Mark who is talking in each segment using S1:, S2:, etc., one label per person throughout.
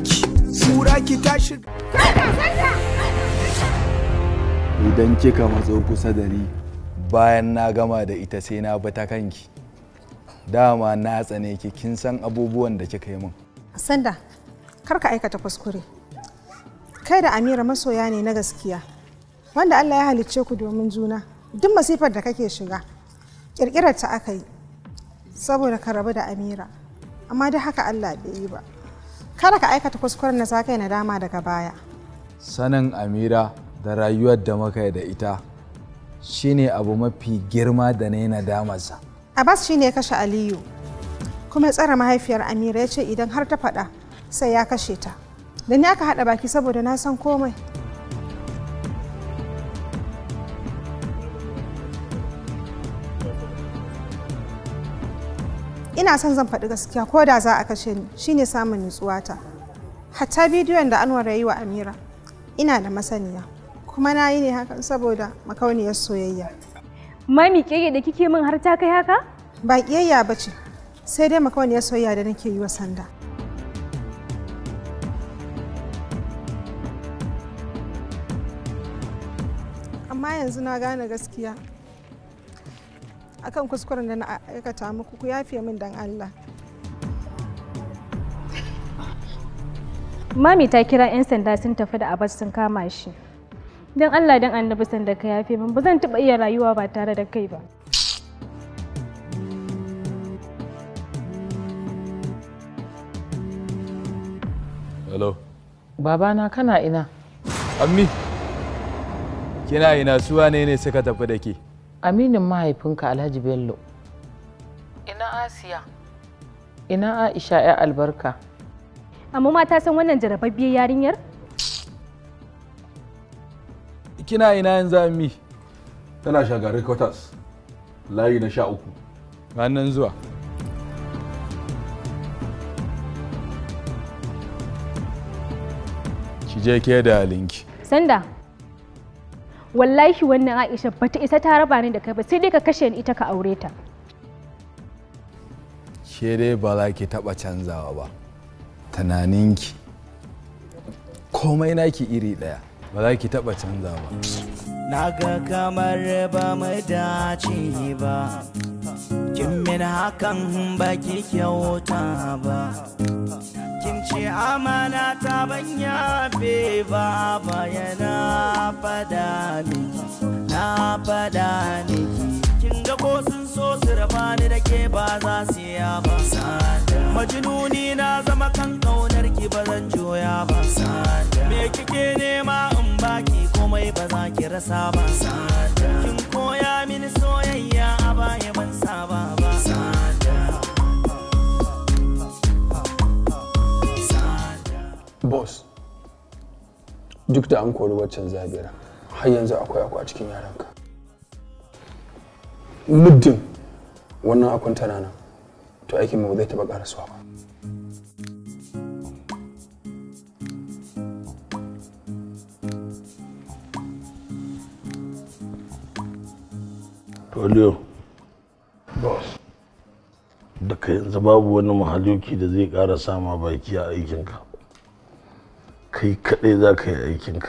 S1: ki
S2: kura ki tashi
S3: idan
S4: kika matso kusa da ni bayan na gama da ita sai na bi ta kanki dama na tsane ki kin san abubuwan da kika yi min
S5: sanda kar ka aikata kuskure kai da amira masoya ne na gaskiya wanda allah ya halicce ku domin juna duk masifar da kake shiga ƙirƙirar ta aka yi saboda ka rabu da amira amma da haka allah bai yi ba kada ka aikata kuskuren da za yi nadama daga baya
S4: sanin amira da rayuwar da muka yi da ita shine abu mafi girma da na yi nadamarsa
S5: abbas shine ya kashe aliyu kuma tsare mahaifiyar amira ya ce idan har ta faɗa sai ya kashe ta da ni aka haɗa baki saboda na san komai ina son zan faɗi gaskiya ko da za a kashe ni shi ne samun nutsuwa ta. hatta bidiyon da anwar ya yi wa amira ina da masaniya kuma na yi ne hakan saboda makauniyar soyayya mami kiyayya da kike min har ta kai haka ba kiyayya ba ce sai dai makauniyar soyayya da nake yi wa sanda amma yanzu na gane gaskiya akan kuskuren da na aikata muku ku yafe min dan Allah
S6: mami ta kira 'yan sanda sun tafi da abbas sun kama shi don Allah don annabi sanda ka yafe min ba zan taɓa iya rayuwa ba tare da kai ba
S4: Hello.
S1: Babana kana ina? Ammi, kina ina suwa
S4: ne ne suka tafi da ke?
S1: aminin mahaifinka alhaji bello
S6: ina asiya
S1: ina aisha ya albarka
S6: amma mata san wannan jarababbiyar yarinyar
S1: kina ina yanzu ammi
S4: tana shagari quarters layi na sha uku ranar zuwa ki je ke da linki
S6: sanda wallahi wannan Aisha bata isa ta raba ni da kai ba sai dai ka kashe ni ita ka aure ta
S4: ke dai ba za ki taba canzawa ba tunaninki komai naki iri daya ba za ki taba canzawa ba
S7: na ga kamar ba mu dace ba kin min hakan ba ki kyauta ba ke amana ta ban yafe ba bayana fada na fada kin ga ko sun so su ni da ke ba za su ya ba majinuni na zama kan kaunar ki ba zan joya ba me kike nema in baki komai ba za ki rasa ba kin koya mini soyayya a baya ban saba ba
S8: boss duk da an kori waccan zabira har yanzu akwai akwa a cikin yaranka muddin wannan akwan tana nan to aikin mu zai taɓa karasuwa ba
S9: Toliyo. Boss. Da yanzu babu wani mahaluki da zai ƙara sama baki a aikinka. kai kaɗai za ka yi aikinka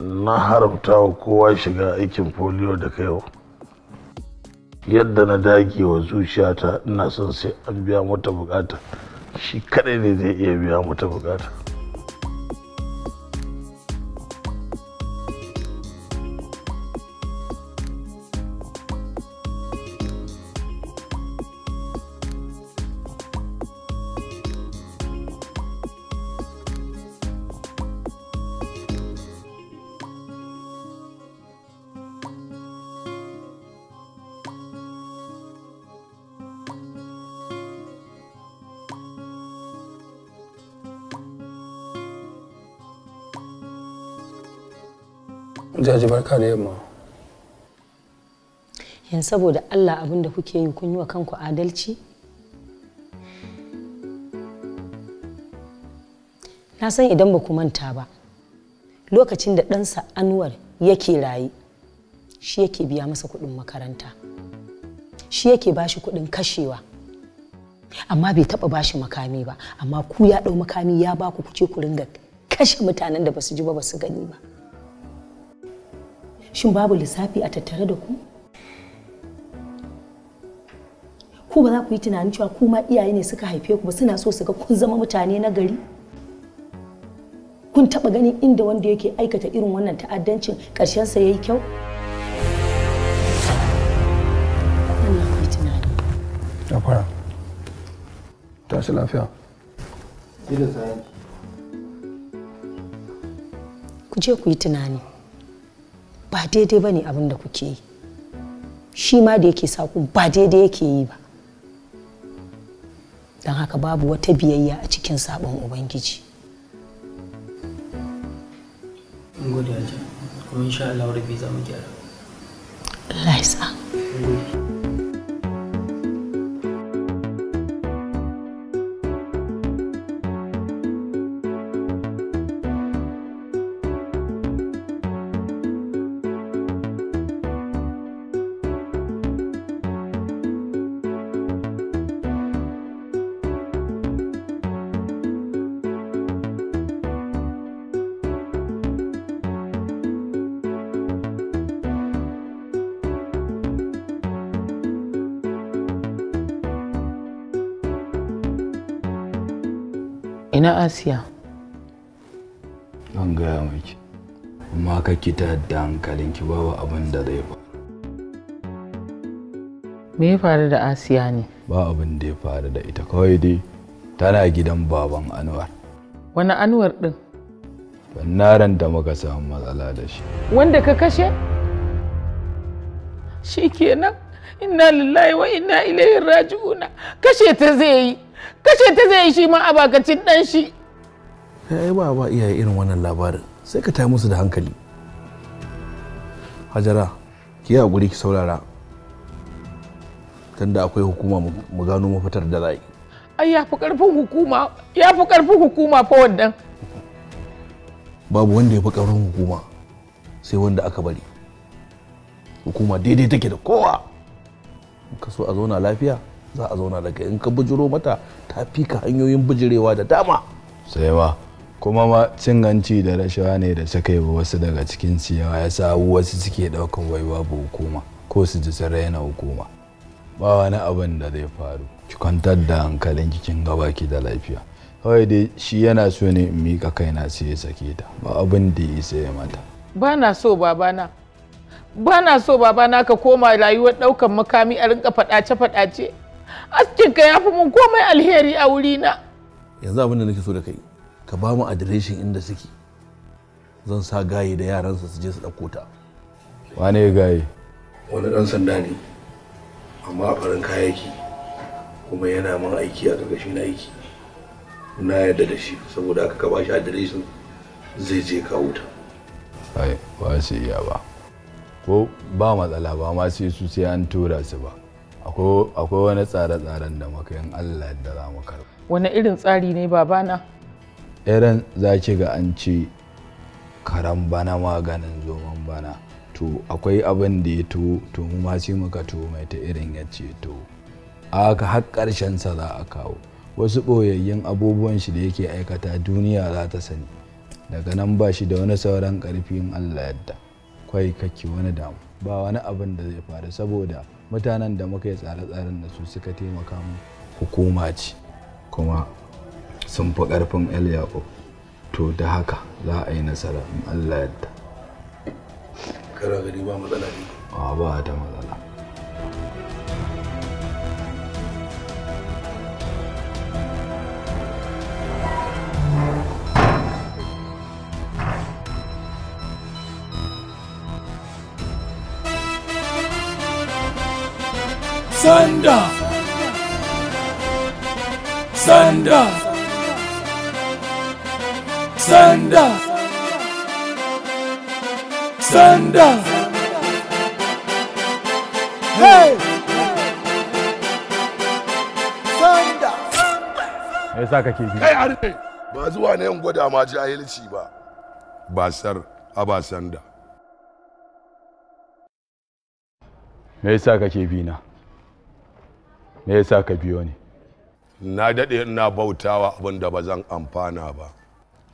S9: na haramta wa kowa shiga aikin foliyo da kai yadda na dage wa zuciyata ina son sai an biya mata bukata shi kaɗai ne zai iya biya mata bukata
S8: ne ma
S3: yanzu saboda Allah abin da kuke yi kun yi wa kanku adalci na san idan ba ku manta ba lokacin da ɗansa anwar yake raye shi yake biya masa kuɗin makaranta shi yake bashi kuɗin kashewa amma bai taɓa bashi makami ba amma ku ya ɗau makami ya ba ku kuce ku ringa kashe mutanen da basu ji ba basu gani ba shin babu lissafi a tattare da ku ku ba za ku yi tunanin cewa ku ma iyaye ne suka haife ku ba suna so su ga kun zama mutane na gari kun taba ganin inda wanda yake aikata irin wannan ta'addancin karshen sa yayi kyau ku yi ku yi tunani ba daidai ba ne abin da kuke yi shi ma da yake saku ba daidai yake yi ba don haka babu wata biyayya a cikin sabon ubangiji Allah ya sa.
S1: ina asiya
S4: an gaya miki amma ka kita da hankalinki babu abin da zai faru
S1: me ya faru da asiya ne
S4: ba abin da ya faru da ita kawai dai tana gidan baban anwar
S1: wani anwar din
S4: ran da muka samu matsala da shi
S1: wanda ka kashe shikenan inna lillahi wa inna ilaihi raji'una kashe ta zai yi kashe ta zai shi ma a bakacin dan shi
S10: ai eh, ba ba iyaye irin wannan labarin sai ka tayi musu da hankali hajara ki yi hakuri ki saurara tunda akwai hukuma mu gano mafitar da za'i
S1: ai ya fi karfin hukuma ya fi karfin hukuma fa wannan
S10: babu wanda ya fi karfin hukuma sai wanda aka bari hukuma daidai take da kowa ka so a zauna lafiya za a zauna daga kai in ka bujiro mata ta fi ka hanyoyin bujirewa da dama sai ma kuma
S4: ma cin hanci da rashawa ne da suka yi wasu daga cikin ciyawa ya sa wasu suke daukan wai babu hukuma ko su ji sun raina hukuma ba wani abin da zai faru ki kwantar da hankalin cikin gaba ki da lafiya kawai dai shi yana so ne in mika kaina sai ya sake ta ba abin da ya sai mata
S1: ba na so babana ba na so babana ka koma rayuwar ɗaukar makami a rinka faɗace-faɗace askinka ya fi mun komai alheri a wurina
S10: yanzu abin da nake so da kai ka ba mu adireshin inda suke zan sa gaye da yaransa su je su ɗauko ta wane gaye wani ɗan sanda ne amma a farin kayaki kuma yana man aiki a ƙarƙashin aiki na yarda da shi saboda aka ka shi adireshin zai je kawo ta
S4: ba sai iya ba ko ba matsala ba ma sai su sai an tura su ba akwai wani tsare-tsaren da muka yin Allah da za mu karɓa.
S1: Wani irin tsari ne babana?
S4: Irin za ki ga an ce karan bana maganin zoman bana. To akwai abin da ya to to mu ma sai muka to mai ta irin ya ce to. Aka har ƙarshen sa za a kawo. Wasu ɓoyayyen abubuwan shi da yake aikata duniya za ta sani. Daga nan ba shi da wani sauran ƙarfin Allah yadda. Kwai kake wani damu. Ba wani abin da zai faru saboda mutanen da muka yi tsare-tsaren da su suka taimaka mu hukuma ce kuma sun fi ƙarfin el to da haka za a yi nasara in allah yadda
S8: kara ba matsala
S4: ne ba ta matsala sanda sanda sanda
S11: sanda
S9: hey sanda me yasa kake bi kai arfe. ba zuwa ne yan gwada ma jahilci ba basar aba sanda
S4: me yasa kake bi na me yasa ka biyo
S9: ni na daɗe ina bautawa abin da ba amfana ba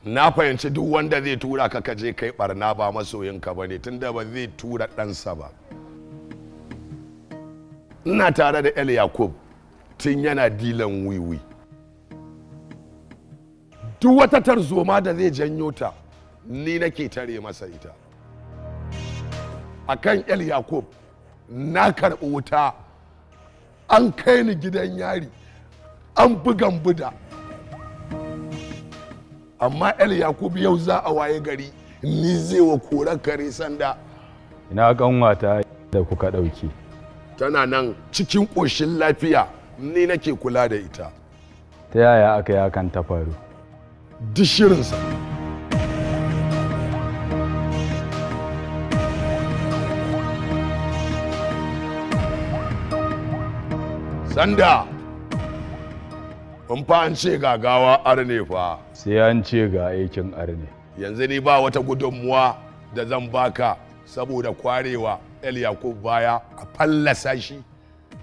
S9: na fahimci duk wanda zai tura ka kaje kai barna ba masoyinka ba ne tunda ba zai tura ɗansa ba ina tare da el yakub tun yana dilan wiwi duk wata tarzoma da zai janyo ta ni nake tare masa ita akan el yakub na karɓi wuta an kai ni gidan yari an bugan buda amma el yakubu yau za a waye gari ni zai wa kora kare sanda
S8: ina ganwata
S4: da kuka ɗauki
S9: tana nan cikin ƙoshin lafiya ni nake kula da ita
S4: ta yaya aka yakan ta faru dishirinsa
S9: sanda in fa an ga gawa arne fa
S4: sai an ga aikin
S9: arne yanzu ni ba wata gudunmuwa da zan baka saboda kwarewa el yakub baya a fallasa shi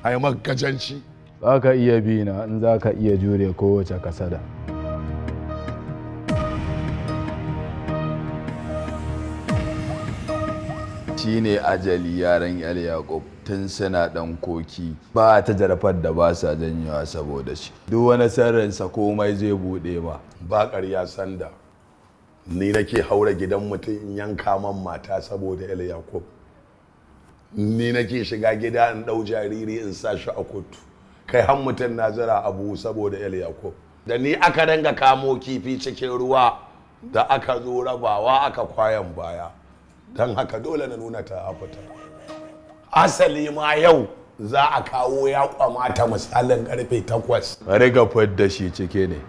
S9: a yi magajanci za ka iya
S4: bi na in za ka iya jure kowace kasada. ne ajali yaran yal yakub tun suna dan koki ba ta jarafar da ba sa janyewa
S9: saboda shi duk wani sirrinsa komai zai bude ba ba ƙarya sanda ni nake haura gidan mutum in yanka man mata saboda yal yakub ni nake shiga gida in ɗau jariri in sa shi a kotu kai han mutum na zira abu saboda yal yakub da ni aka danga kamo kifi cikin ruwa da aka zo rabawa aka kwayan baya don haka dole na nuna ta fita asali ma yau za a kawo ya kwamata misalin karfe takwas
S4: riga fadda shi cike ne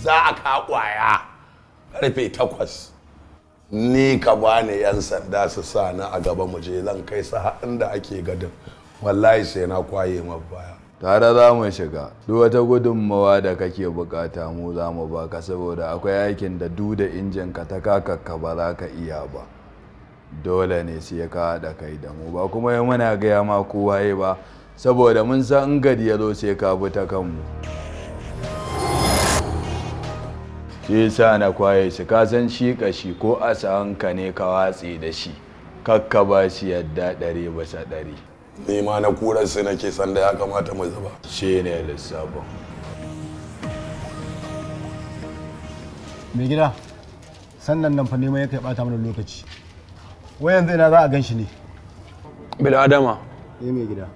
S9: za a ka kwaya karfe takwas ni ka bani yan sanda su sa na a gaba mu je zan kai su da ake gadin wallahi sai na kwaye ma baya tare za mu shiga
S4: duk wata gudunmawa da kake bukata mu za mu baka saboda akwai aikin da du da injin ka ta kakakka ba za ka iya ba dole ne sai ka haɗa kai da mu ba kuma yi muna gaya ma kowa ba saboda mun san in gadi ya zo sai ka bi ta kanmu shi sa na kwaye shi ka san shi kashi ko a asahanka ne ka watse da shi kakka ba shi yadda ɗari bisa ɗari
S9: ni ma na kurar su nake sanda ya kamata mu zaba
S4: shi ne lissafin
S11: mai gida sannan nan fa neman ya kai bata mana lokaci wayan zai na za a gan ne
S8: bila adama eh, mai gida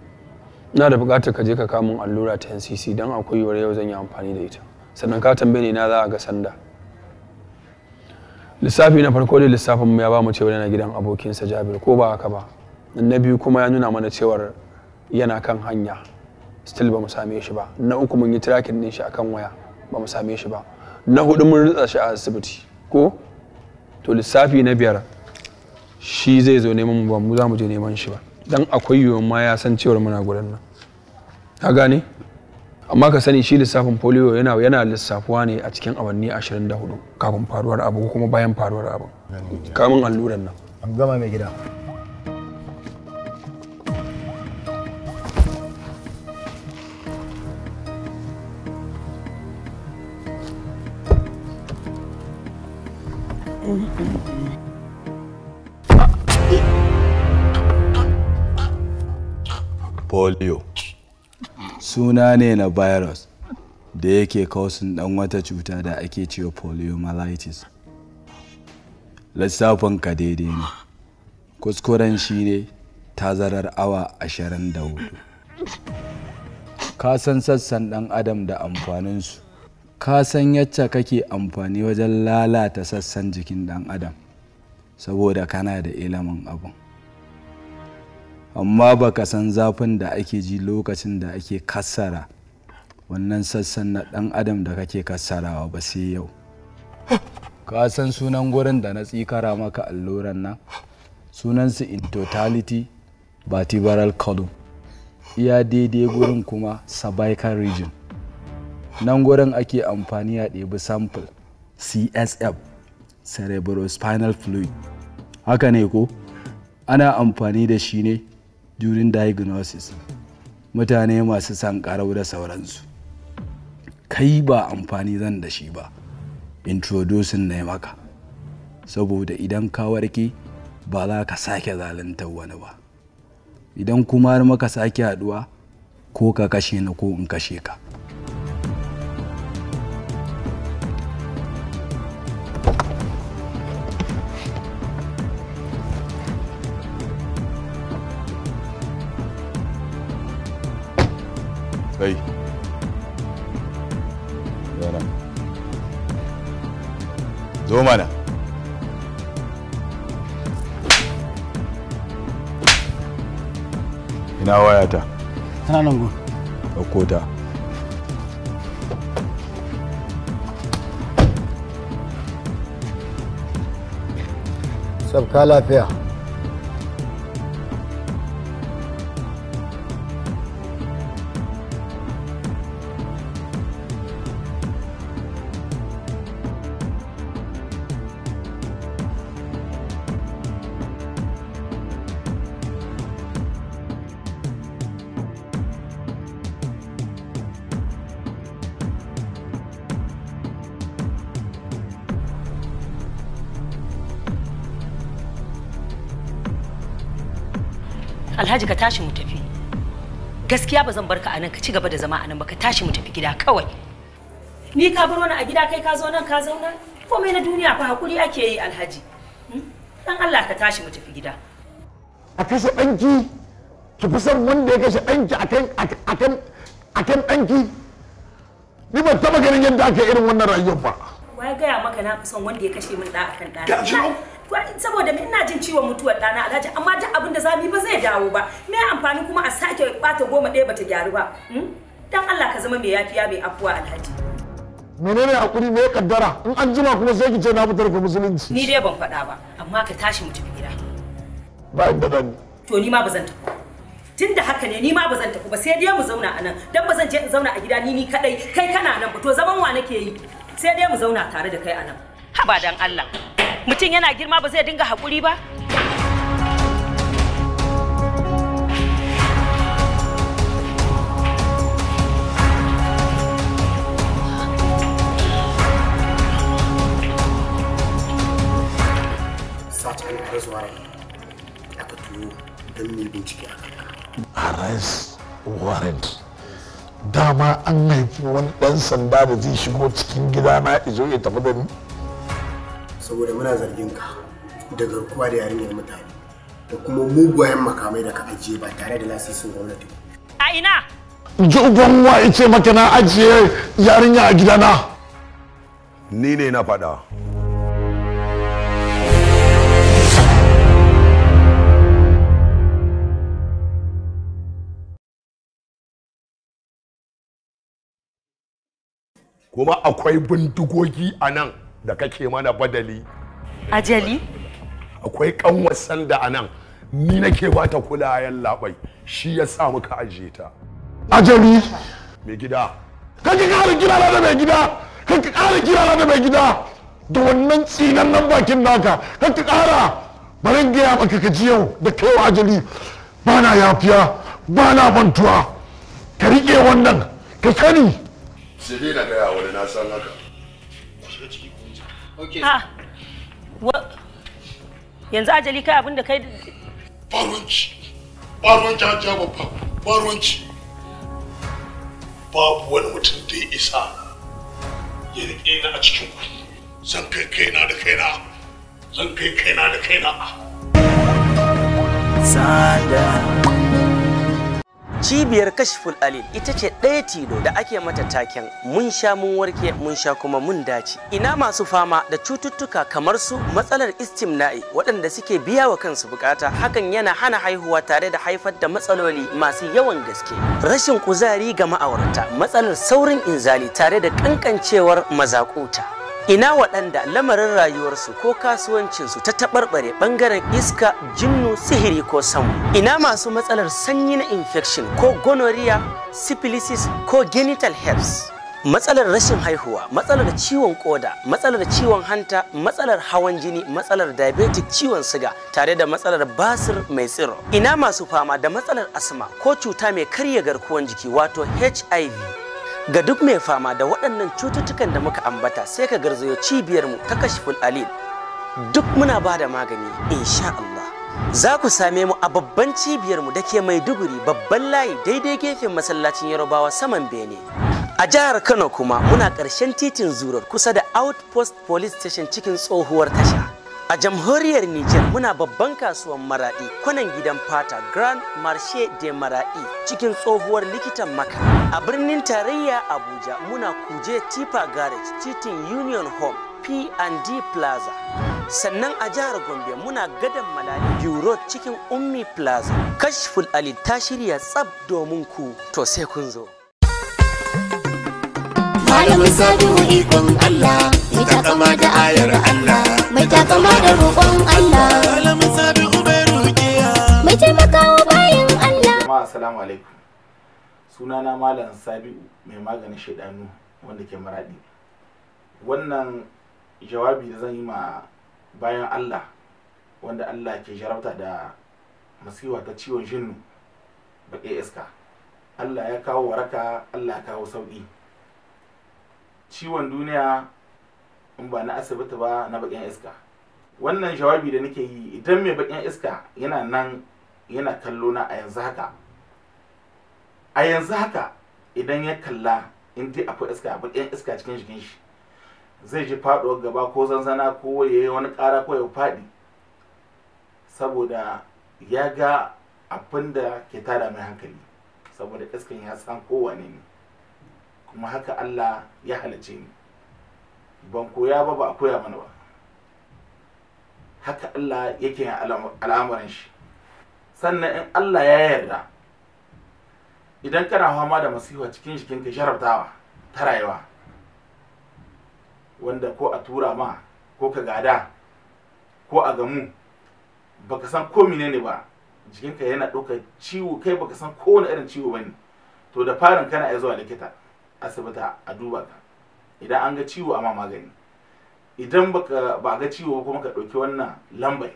S8: na da bukatar ka je ka kamun allura ta ncc don akwai yiwuwar yau zan yi amfani da ita sannan ka tambaye ni na za a ga sanda lissafi na farko da lissafin mu ya ba mu cewa yana gidan abokinsa jabir ko ba haka ba na biyu kuma ya nuna mana cewar yana kan hanya still ba mu same shi ba na uku mun yi tracking din shi akan waya ba mu same shi ba na hudu mun rutsa shi a asibiti ko to lissafi na biyar shi zai zo neman mu ba mu za mu je neman shi ba dan akwai yiwuwar ma ya san cewar muna gudan nan ka gane amma ka sani shi lissafin polio yana yana lissafuwa ne a cikin awanni 24 kafin faruwar abu kuma bayan faruwar abu kamun alluran nan an gama mai gida
S7: Mm-hmm.
S4: polio suna ne na virus da yake kausin dan wata cuta da ake cewa poliomyelitis lissafin ka daidai ne kuskuren shi ne tazarar awa ashirin da hudu ka san sassan dan adam da amfaninsu ka san yacca kake amfani wajen lalata sassan jikin dan adam saboda kana da ilimin abin amma baka san zafin da ake ji lokacin da ake kassara wannan sassan na dan adam da kake kassarawa ba sai yau ka san sunan gurin da na tsikara maka alluran nan sunansu in totality vertebral column iya daidai gurin kuma cervical region nan gurin ake amfani a ɗebi sample csf cerebrospinal fluid haka ne ko ana amfani da shi ne during diagnosis mutane masu sankarau da sauransu kai ba amfani zan da shi ba introducing na maka saboda idan ka warke ba za ka sake zaluntar wani ba idan kuma har maka sake haduwa ko ka kashe ni ko in kashe ka à la
S3: Alhaji ka tashi mu tafi. Gaskiya ba zan bar ka a nan ka ci gaba da zama a nan ba ka tashi mu tafi gida kawai. Ni ka baro ni a gida kai ka zo nan ka zauna? Komai na duniya fa hakuri ake yi Alhaji. Hmm? Dan Allah ka tashi mu tafi gida.
S11: A kashe danki ki fi son wanda ya kashe danki akan akan akan danki
S9: Ni ban taɓa ganin yadda ake irin wannan rayuwar ba.
S3: Wai gaya maka na fi son wanda ya kashe min ɗa akan ɗa. saboda me ina jin ciwon mutuwar ɗana alhaji amma duk abin da zamu yi ba zai dawo ba me amfani kuma a sake bata goma ɗaya bata gyaru ba hmm? dan Allah ka zama mai yafiya mai afuwa alhaji
S11: menene hakuri ne kaddara in an jima kuma sai ki ce na fitar
S3: da musulunci ni dai ban faɗa ba amma ka tashi mu tafi gida ba inda zan to ni ma ba zan tafi tun da haka ne ni ma ba zan tafi ba sai dai mu zauna a nan dan ba zan je in zauna a gida ni ni kadai kai kana nan ba to zaman wa nake yi sai dai mu zauna tare da kai a nan haba dan Allah mutum yana girma ba zai dinga haƙuri ba
S9: arrest warrant dama an haifi wani ɗan sanda da zai shigo cikin gidana izo ya tafi da ni
S11: saboda muna zargin ka da garkuwa da yarinyar mutane da kuma mugayen makamai
S9: da ka ajiye ba tare da lasisin gwamnati a
S11: ina jogon wa ice maka na
S9: ajiye yarinya a gidana ni ne na faɗa kuma akwai bindigogi a nan da kake mana badali ajali akwai kanwar sanda a nan ni nake ba ta kulayen labai shi ya sa muka ajiye ta ajali mai gida ka ki kara kira da mai gida ka ki kara kira da mai gida da wannan
S11: tsinan nan bakin naka ka ki kara barin gaya maka ka ji yau da kai wa ajali
S9: ba na yafiya ba na bantuwa, ka rike wannan ka sani sai dai na gaya wani na san haka Okay.
S3: Ha. Ah. Wa Yanzu ajali kai abinda kai
S9: Barwanci. Barwanci hajiya babba. Barwanci. Babu wani mutum da ya isa ya riƙe ni a cikin ku. Zan kai kaina da kaina. Zan kai kaina da kaina.
S7: Sada. cibiyar kashful alil ita ce ɗaya tilo da ake mata taken mun sha mun warke mun sha kuma mun dace ina masu fama da cututtuka kamar su matsalar istimna'i waɗanda suke biya wa kansu bukata hakan yana hana haihuwa tare da haifar da matsaloli masu yawan gaske rashin kuzari ga ma'aurata matsalar saurin inzali tare da kankancewar mazakuta ina waɗanda lamarin rayuwarsu ko kasuwancinsu ta taɓarɓare ɓangaren iska jinnu sihiri ko samu ina masu matsalar sanyi na infection ko gonorrhea syphilis ko genital herpes matsalar rashin haihuwa matsalar ciwon koda matsalar ciwon hanta matsalar hawan jini matsalar diabetic ciwon siga tare da matsalar basir mai tsiro ina masu fama da matsalar asma ko cuta mai karya garkuwan jiki wato hiv Ga duk mai fama da waɗannan cututtukan da muka ambata sai ka garzayo cibiyarmu ta kashiful alil. Duk muna ba da magani insha Allah. Za ku same mu a babban cibiyarmu da ke duguri babban layi daidai gefen masallacin Yarobawa saman Bene. A jihar Kano kuma muna ƙarshen titin zurar kusa da Outpost Police Station cikin tsohuwar tasha. A jamhuriyar Nijar muna babban kasuwar maraɗi kwanan gidan fata Grand Marché de Maraɗi cikin tsohuwar likitan maka. A birnin tarayya Abuja muna kuje Tipa Garage titin Union Home P&D Plaza. Sannan a jihar Gombe muna gadan malali Bureau cikin Ummi Plaza. Kashful Ali ta shirya tsab domin ku to sai kun zo. malamin sabihu ikon Allah mai takama da ayar Allah
S1: mai takama da roƙon Allah malamin sabihu bai
S12: rukiya mai taimakawa bayan Allah ma assalamu alaikum Suna na malam sabiu mai maganin shaidanu wanda ke maradi wannan jawabi da zan yi ma bayan Allah wanda Allah ke jarabta da masiwa ta ciwon jinnu baƙi iska Allah ya kawo waraka Allah ya kawo sauƙi ciwon duniya in ba na asibiti ba na bakin iska wannan jawabi da nake yi idan mai bakin iska yana nan yana kallo na a yanzu haka a yanzu haka idan ya kalla in dai akwai iska a bakin iska cikin jikin shi zai ji faɗuwar gaba ko zanzana ko ya yi wani kara ko ya faɗi saboda ya ga abin da ke tada mai hankali saboda iskan ya san kowane ne kuma haka Allah ya halice ni ban koya ba ba a koya mana ba haka Allah yake yin al'amuran shi sannan in Allah ya yarda idan kana fama da masifa cikin jikinka jarabtawa ta rayuwa wanda ko a tura ma ko ka gada ko a gamu baka san ko menene ba jikinka yana ɗaukar ciwo kai baka san kowane irin ciwo ne, to da farin kana ya zuwa likita asibita a duba ka idan an ga ciwo a ma magani idan ba a ga ciwo kuma ka ɗauki wannan lambai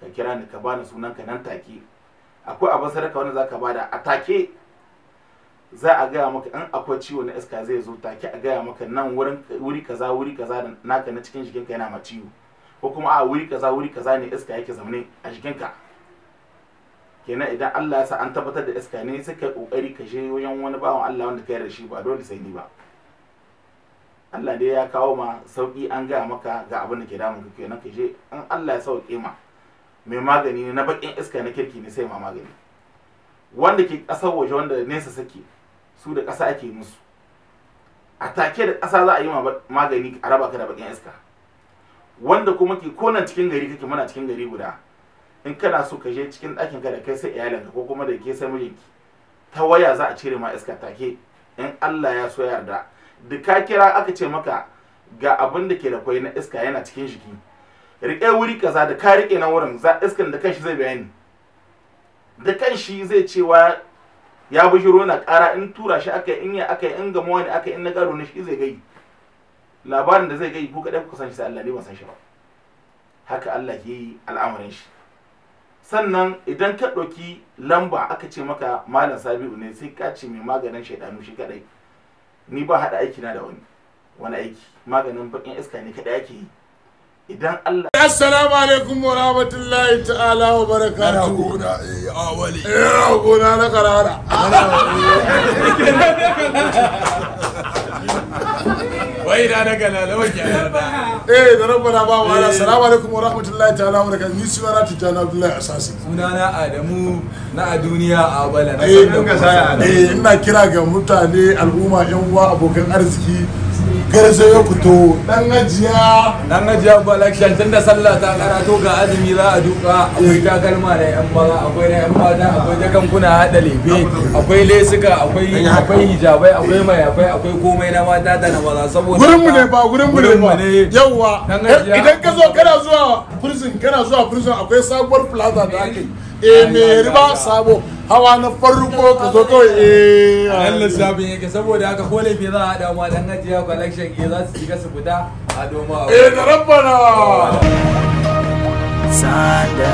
S12: ka kira ni ka bani sunan ka nan take akwai abin sadaka wanda za ka bada a take za a gaya maka in akwai ciwo na iska zai zo take a gaya maka nan wuri kaza wuri kaza naka na cikin jikinka yana ma ciwo ko kuma a wuri kaza wuri kaza ne iska yake zaune a jikinka kenan idan Allah ya sa an tabbatar da iska ne sai kai kokari ka je wajen wani bawan Allah wanda ka da shi ba dole sai ni ba Allah dai ya kawo ma sauki an gaya maka ga abin da ke damun ka kenan ka je an Allah ya sauke ma mai magani ne na bakin iska na kirki ne sai ma magani wanda ke kasar waje wanda nesa sake su da ƙasa ake musu a take da kasa za a yi ma magani a raba ka da bakin iska wanda kuma ke konan cikin gari kake muna cikin gari guda in kana so ka je cikin ɗakin ka da kai sai iyalinka ko kuma da ke sai mijinki ta waya za a cire ma iska take in Allah ya so yarda da ka kira aka ce maka ga abin da ke da kwai na iska yana cikin jiki riƙe wuri kaza da ka riƙe na wurin za iskan da kanshi zai bayani da kanshi zai cewa ya bujiro na kara in tura shi aka in ya aka in gamo wani aka in na garo ne shi zai gai labarin da zai gai ku kaɗai kuka san shi sai Allah ne ban san shi ba haka Allah ke yi al'amarin shi sannan idan ka ɗauki lamba aka ce maka malam sabiu ne sai ka ce mai maganin shaidanu shi kadai ni ba haɗa aiki na da wani wani aiki maganin bakin iska ne kadai ake yi idan
S9: Allah assalamu alaikum wa rahmatullahi ta'ala wa barakatuhu na eh awali eh na karara wai da daga lalawa gyara eh da na ba wa eh. assalamu alaikum wa rahmatullahi ta'ala wa barakatuh ni sunana tijjani abdullahi asasi sunana adamu na a duniya a bala
S4: na eh, san da eh
S9: ina kira ga mutane al'umma yan uwa abokan arziki garzo ya fito dan gajiya dan gajiya ba lakshan
S4: tunda sallah ta karato ga azumi za a duka akwai takalma da yan baza akwai na yan mata akwai kuna hada lebe akwai lesuka akwai akwai hijabai akwai mai akwai komai na mata da na maza saboda gurin
S9: mu ne ba gurin mu ne ba yawa eh, idan ka zo kana zuwa prison kana zuwa prison akwai sabuwar plaza da ake e me riba sabo hawa na farko ka zo
S4: kawai eh a yan lissafin yake saboda haka ko laifi za a damu dan ajiya collection ke za su shiga su fita a doma eh da
S7: rabbana sada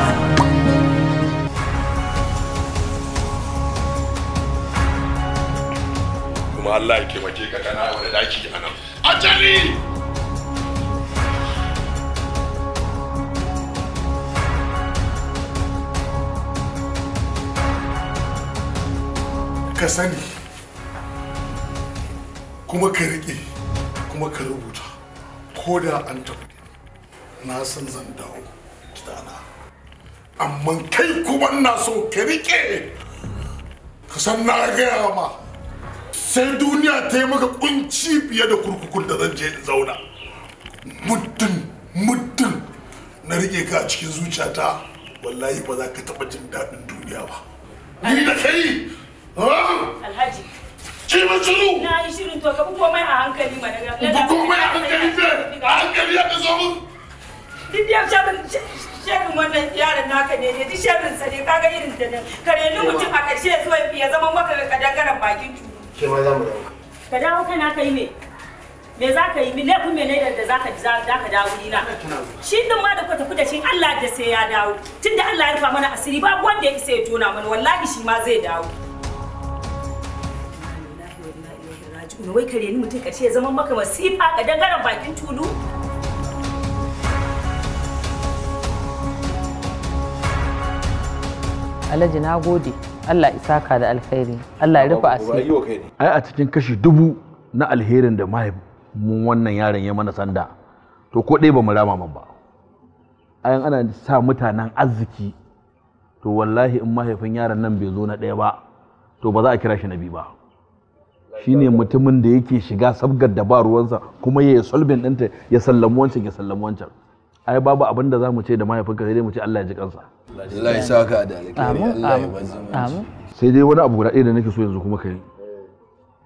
S9: kuma Allah ya taimake ka kana wani daki anan ajali ka sani kuma ka riƙe kuma ka rubuta ko da an tafi na san zan dawo gidana amma kai kuma na so ka riƙe ka san na gaya ma sai duniya ta yi maka kunci fiye da kurkukun da zan je zauna muddin muddin na riƙe ka a cikin zuciyata wallahi ba za ka taɓa jin daɗin duniya ba ni da kai Alhaji.
S3: Ki mun shiru. Na yi shirin to ka bi komai a hankali ma daga. Ku komai a
S9: hankali ce. A hankali ya ka
S3: zo mun. Duk ya shabin shirin wannan yaron naka ne ne duk shirin sa ne kaga irin ta nan. Kare ni mutum a ƙarshe ya zo ya zama maka kadangaren bakin tudu.
S1: Ke ma za mu dawo.
S3: Ka dawo kana kai me? me za ka yi mi laifin me ne da za ka za ka dawo ni na shi din ma da ka tafi shi Allah da sai ya dawo tunda Allah ya rufa mana asiri babu wanda ya isa ya tona mana wallahi shi ma zai dawo tuna wai kare ni mutum ya zama maka masifa ga dangaren bakin tulu
S1: Alhaji na gode Allah ka da alkhairi Allah ya rufe asiri
S10: ai a cikin kashi dubu na alherin da mu wannan yaron ya mana sanda to ko dai ba mu rama man ba ayan ana sa mutanen arziki to wallahi in mahaifin yaron nan bai zo na ɗaya ba to ba za a kira shi na biyu ba shine mutumin da yake shiga sabgar da ba ruwansa kuma ya yi solbin ɗinta ya sallamu wancan ya sallamu wancan ai babu abin da za mu ce da mahaifinka sai dai mu ce Allah ya ji kansa Allah ya saka da alƙali Allah ya bazu sai dai wani abu guda ɗaya da nake so yanzu kuma kai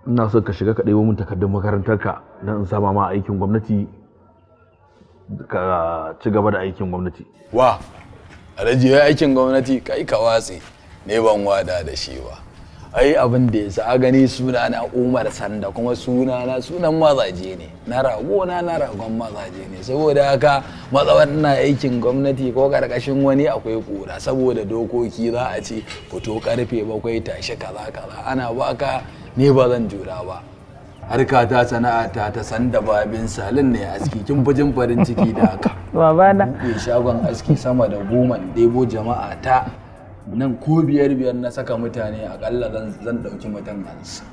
S10: ina so ka shiga ka ɗebo min takardun makarantarka don in sama ma aikin gwamnati ka ci gaba da aikin gwamnati
S4: wa alhaji ya aikin gwamnati kai ka watse ne ban wada da shi ba ai abin da yasa a gani suna na umar sanda kuma suna na sunan mazaje ne na ragona na ragon mazaje ne saboda haka matsawar na aikin gwamnati ko karkashin wani akwai kura saboda dokoki za a ce fito karfe bakwai tashi kaza kaza ana baka ne ba zan jura ba harka ta sana'a ta ta san da babin salin ne aski kin fi farin ciki da haka babana shagon aski sama da goma ɗebo jama'a ta nan ko biyar biyar na saka mutane akalla zan ɗauki mutum hamsin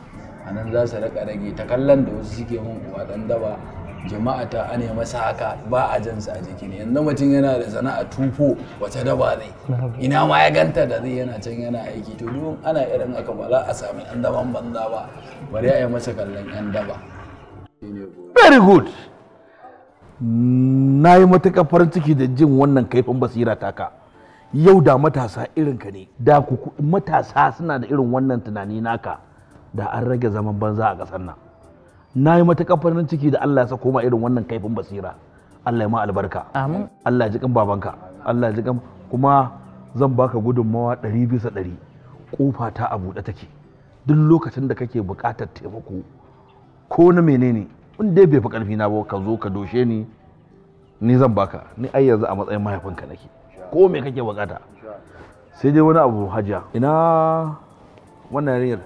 S4: a nan za su rika rage ta kallon da wasu suke mun uwa dan daba jama'a ta ane masa haka ba a jan sa a jiki ne yanzu mutum yana da sana'a tufo wata daba ne
S6: ina ma ya ganta
S4: da zai yana can yana aiki to duk ana irin haka ba za a sami yan daban banza ba bari a yi masa kallon yan daba
S10: very good na yi matuƙar farin ciki da jin wannan kaifin basira taka yau da matasa irinka ne da matasa suna da irin wannan tunani naka da an rage zaman banza a ƙasar nan na yi matakan farin ciki da Allah ya sako ma irin wannan kaifin basira Allah ya ma albarka amin Allah ya ji kan babanka Allah ya ji kan kuma zan baka gudunmawa ɗari bisa ɗari kofa ta a buɗe take duk lokacin da kake buƙatar taimako ko na menene in dai bai fi ƙarfi na ba ka zo ka doshe ni ni zan baka ni ai yanzu a matsayin mahaifinka nake ko me kake bukata sai dai wani abu hajiya ina wannan yariyar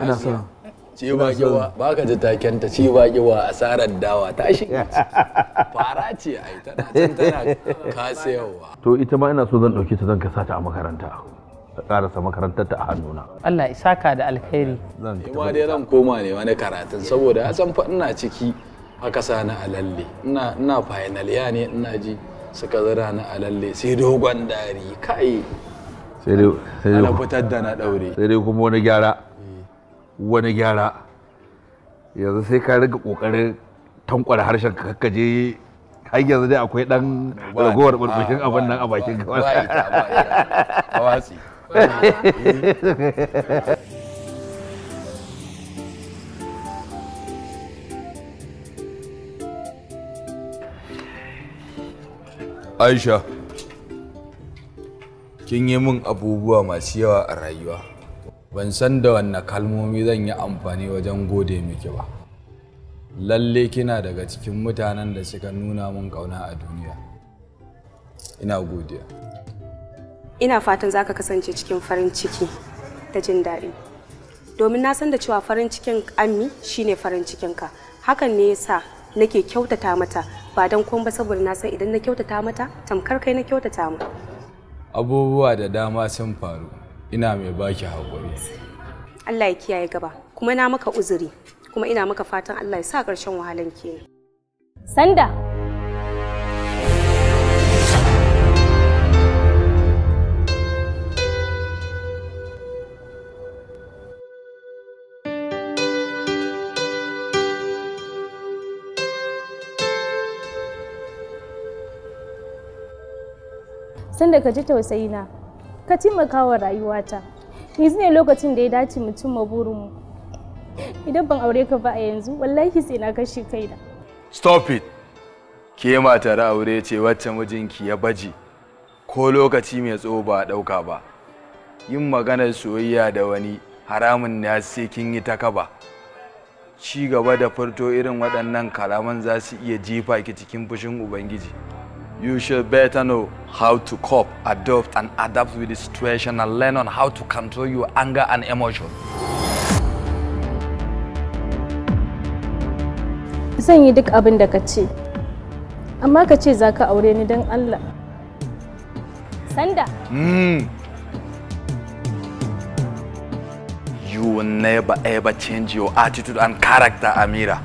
S10: ina son ci ba giwa ba ka ji
S4: taken ta ci ba giwa asarar dawa ta shi fara ce ai tana tana
S1: kasewa
S10: to ita ma ina so zan dauke ta zan ka sata a makaranta ta karasa makarantar ta a hannuna
S1: Allah ya saka da alkhairi zan ma dai zan koma ne wani karatun
S4: saboda a san fa ina ciki aka sani a lalle ina ina final ya ne ina ji suka zira ni a lalle sai dogon dari kai
S10: dai fitar da na daure sai dai kuma wani gyara wani gyara yanzu sai ka riga kokarin tankwara harshen ka kakkaje har yanzu dai akwai dan ragowar burbushin abin nan a bakin
S4: aisha kin yi min abubuwa masu yawa a rayuwa ban san da wanne kalmomi zan yi amfani wajen gode miki ba lalle kina daga cikin mutanen da suka nuna min kauna a duniya ina godiya
S3: ina fatan za ka kasance cikin farin ciki da jin daɗi domin na san da cewa farin cikin ammi shine farin cikin ka hakan ne yasa nake kyautata mata ba don kun ba saboda na san idan na kyautata mata tamkar kai na kyautata mu
S4: abubuwa da dama sun faru ina mai baki haƙuri
S3: Allah ya kiyaye gaba kuma na maka uzuri kuma ina maka fatan Allah ya sa ƙarshen wahalan kenan. sanda
S6: sanda ka ji tausayina ka taimaka wa rayuwata yanzu ne lokacin da ya dace mu burin burinmu idan ban aure ka ba a yanzu wallahi sai na kashe kaina
S4: stop it ke tare aure ce wacce mijinki ya baje ko lokaci mai tsoho ba a ɗauka ba yin maganar soyayya da wani haramun na sai kin yi ta kaba ci gaba da furto irin waɗannan kalaman za su iya jefa ki cikin fushin ubangiji you should better know how to cope, adopt, and adapt with the situation and learn on how to control your anger and emotion.
S6: Zan yi duk abin da ka ce, amma ka ce za ka aure ni don Allah. Sanda.
S9: Hmm.
S4: You will never ever change your attitude and character, Amira.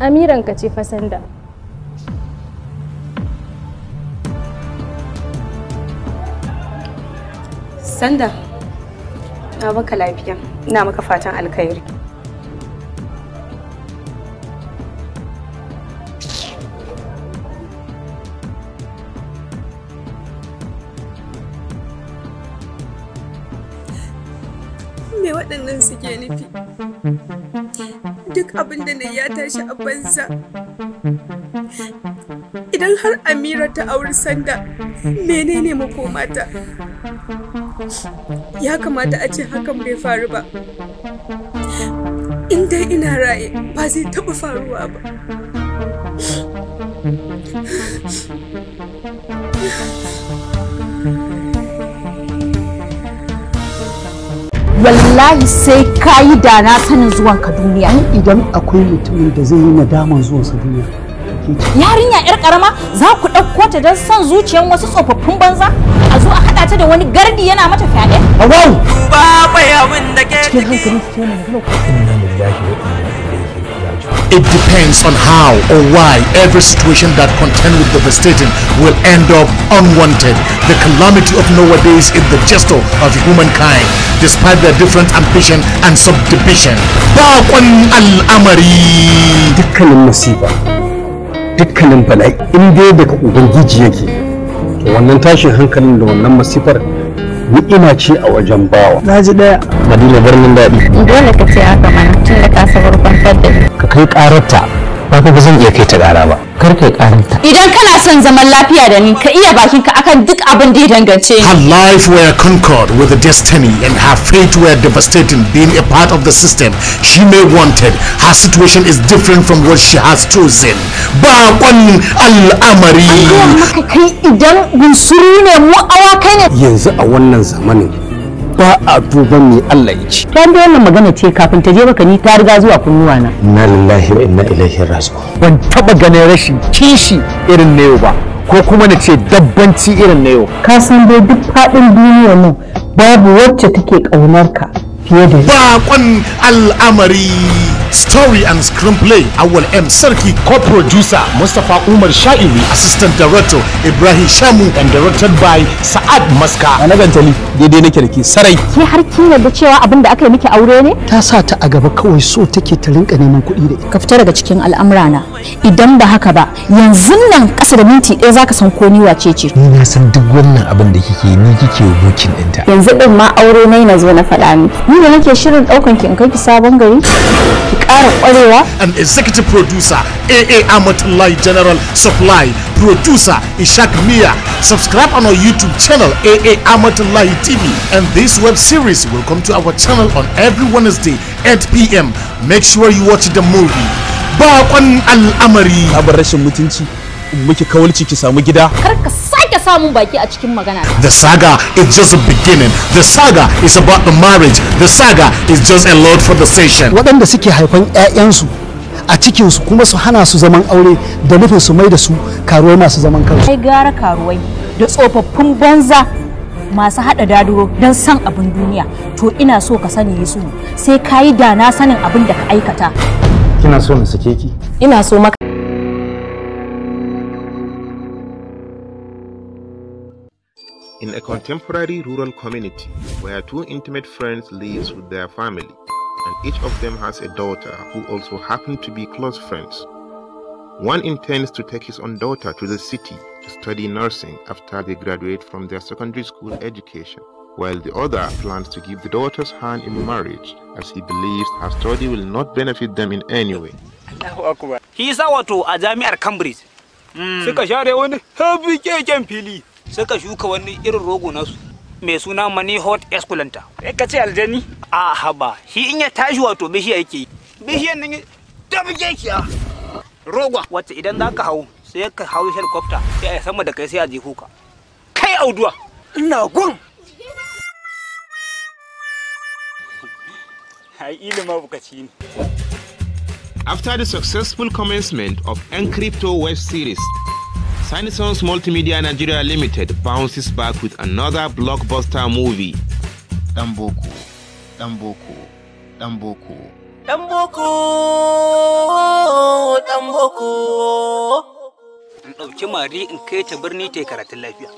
S6: amiran ka ce fasanda sanda na baka lafiya
S3: na maka fatan alkhairi abin da ya tashi a banza idan har amira ta auri sanda menene makomata ya kamata a ce hakan bai faru ba in dai ina raye ba zai taɓa faruwa ba wallahi sai ka yi da na sanin zuwan ka duniya
S7: idan akwai mutumin da zai yi nadaman zuwan sa
S3: duniya yarinya yar karama za ku ɗauko ta don son zuciyar wasu tsofaffin banza a zo a haɗa ta da wani gardi yana mata fyaɗe. Wow! Ba bai abin da ke cikin hankali
S11: ke It depends on how or why every situation that contend with devastating will end up unwanted. The calamity of nowadays is the gesto of humankind, despite their different ambition and subdivision. Bakon al'amari. Dukkanin masifa, dukkanin bala'i, in dai daga Ubangiji yake, wannan tashin
S7: hankalin da wannan masifar ni'ima ce a wajen bawa na ji daya madina birnin daɗi dole ka ce haka mana tun da ka sabar kwantar da ka
S11: kai ƙararta ba zan iya kai ta gara ba kar kai ƙaranta
S6: idan kana son zaman lafiya da ni ka iya bakin ka akan duk abin
S11: da ya dangance ni her life were concord with the destiny and her fate were devastating being a part of the system she may wanted her situation is different from what she has chosen bakon al'amari an maka kai idan gunsuru ne
S3: mu awa kai
S11: ne yanzu a wannan zamanin ba a duban ne, Allah ya ci ta da wannan magana ce kafin ta je baka ni ta riga zuwa kunnuwa na inna lillahi wa inna ilaihi raji'un ban taba ganin rashin kishi irin na yau ba ko kuma na ce dabbanci irin na yau ka san dai duk faɗin duniya nan babu wacce take ƙaunar ka fiye da baƙon al'amari story and screenplay awal m sarki co-producer mustapha umar sha'iri assistant director ibrahim shamu and directed by sa'ad maska a tali daidai nake da ke sarai ke har ki yarda cewa abin da aka yi miki aure ne ta sa ta a gaba kawai so take ta rinka neman kuɗi da ka fita daga cikin na
S6: idan ba haka ba yanzu nan ƙasa da minti ɗaya zaka san ko ni wace ce
S11: ni na san duk wannan abin da kike ni kike bukin ɗinta
S6: yanzu ɗin ma aure nai na zo na faɗa ni. ni da nake shirin ɗaukan ki in kai ki sabon gari
S11: ƙara ƙwarewa. An executive producer AA Amatullahi General Supply producer Ishak Mia. Subscribe on our YouTube channel AA Amatullahi TV and this web series will come to our channel on every Wednesday 8 p.m. Make sure you watch the movie. Bakon al'amari. Abin rashin mutunci. muke kawalci ki samu gida
S6: kar ka sake samun baki a cikin magana
S11: the saga is just a beginning the saga is about the marriage the saga is just a load for the session waɗanda suke haifan ƴaƴansu a cikin su kuma su hana su zaman aure da nufin su mai da su karuwai masu zaman kansu ai
S3: gara karuwai da tsofaffin
S6: banza masu hada daduro don san abin duniya to ina so ka sani su sai ka yi na sanin abin da ka aikata
S7: kina so na sake ki
S6: ina so maka
S2: in a contemporary rural community where two intimate friends lives with their family and each of them has a daughter who also happen to be close friends. One intends to take his own daughter to the city to study nursing after they graduate from their secondary school education, while the other plans to give the daughter's hand in marriage as he believes her study will not benefit them in any way.
S7: He is our to a jami'ar Cambridge. Hmm. Suka suka shuka wani irin rogo nasu mai suna mani hot esculenta ya eh, ka ce aljani a haba shi in ya tashi wato bishiya yake bishiyan nan ta buge a ah. rogo wacce idan za ka hau sai ka hau helicopter sai a sama da kai sai a jefo ka kai auduwa ina gun ai ilima ci ne
S2: After the successful commencement of Encrypto web series, Sinisons Multimedia Nigeria Limited bounces back with another blockbuster movie. Damboko, Damboko, Damboko.
S7: Damboko, Damboko. In ɗauki mari in kai ta birni ta karatun lafiya.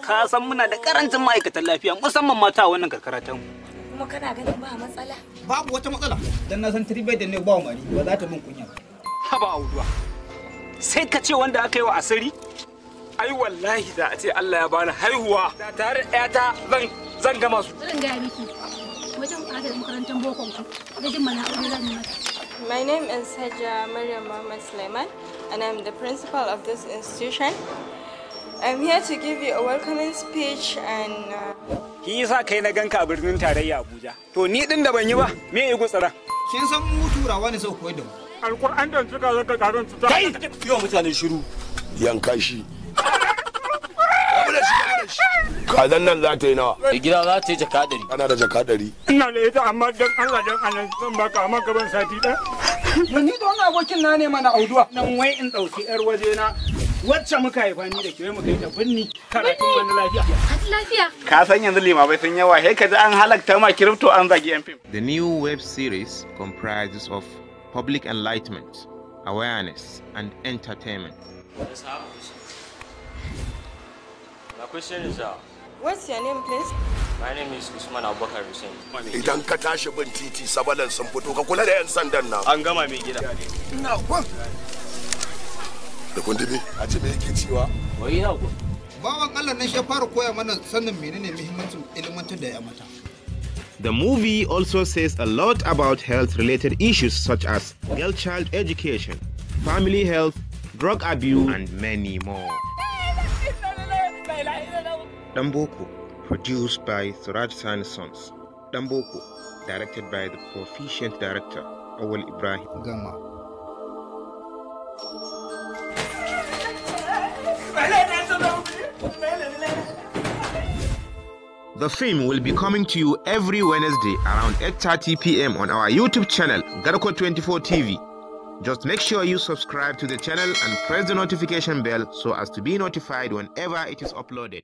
S7: Ka san muna da karancin ma'aikatan lafiya musamman mata a wannan karkara ta mu.
S3: kuma kana ganin ba matsala?
S7: Babu wata matsala. Dan na san tribal da ne ba mari ba za ta min kunya ba. Haba auduwa. sai ka ce wanda aka yi wa asiri ai wallahi da a ce Allah ya bani haihuwa da tare da ƴata zan zan gama su
S6: zan ga miki wajen fadar makarantar bokon ku da jin mana aure zan mata My name is Saja Maryam Muhammad Sulaiman and I'm the principal of this institution. I'm here to give you a welcoming speech and Ki
S7: uh, yasa kai na ganka a birnin tarayya Abuja. To ni din da ban yi ba, me yi gutsara? Kin san mu turawa ne sau koyar da mu. alkur'an da zaka su ta
S9: kazan nan za ta yi nawa da gida za jaka ana da jaka
S7: ina da ita amma dan allah dan allah zan baka amma gaban sati ni da wani abokin na ne mana auduwa nan wai in dauki yar waje na wacce muka da binni
S2: yanzu limamai sun yawa he ka ji an halakta ma kirifto an zagi yan the new web series comprises of public enlightenment, awareness, and entertainment. My
S1: question is uh,
S6: What's your name, please?
S9: My name is Usman Abubakar Hussein. Idan ka tashi bin titi sabalan sun fito ka kula da 'yan sandan nan. An gama mai gida.
S6: Ina kwan.
S2: Da kundumi? A ce me yake cewa? Wai ina kwan. Bawan Allah nan shi fara koya mana sanin menene muhimmancin ilimantar da ya mata. The movie also says a lot about health-related issues such as girl-child education, family health, drug abuse, and many more. Damboko, produced by Suraj San Sons. Damboko, directed by the proficient director, Awal Ibrahim. Gama. The film will be coming to you every Wednesday around 8.30 p.m. on our YouTube channel, Garko24 TV. Just make sure you subscribe to the channel
S6: and press the notification bell so as to be notified whenever it is uploaded.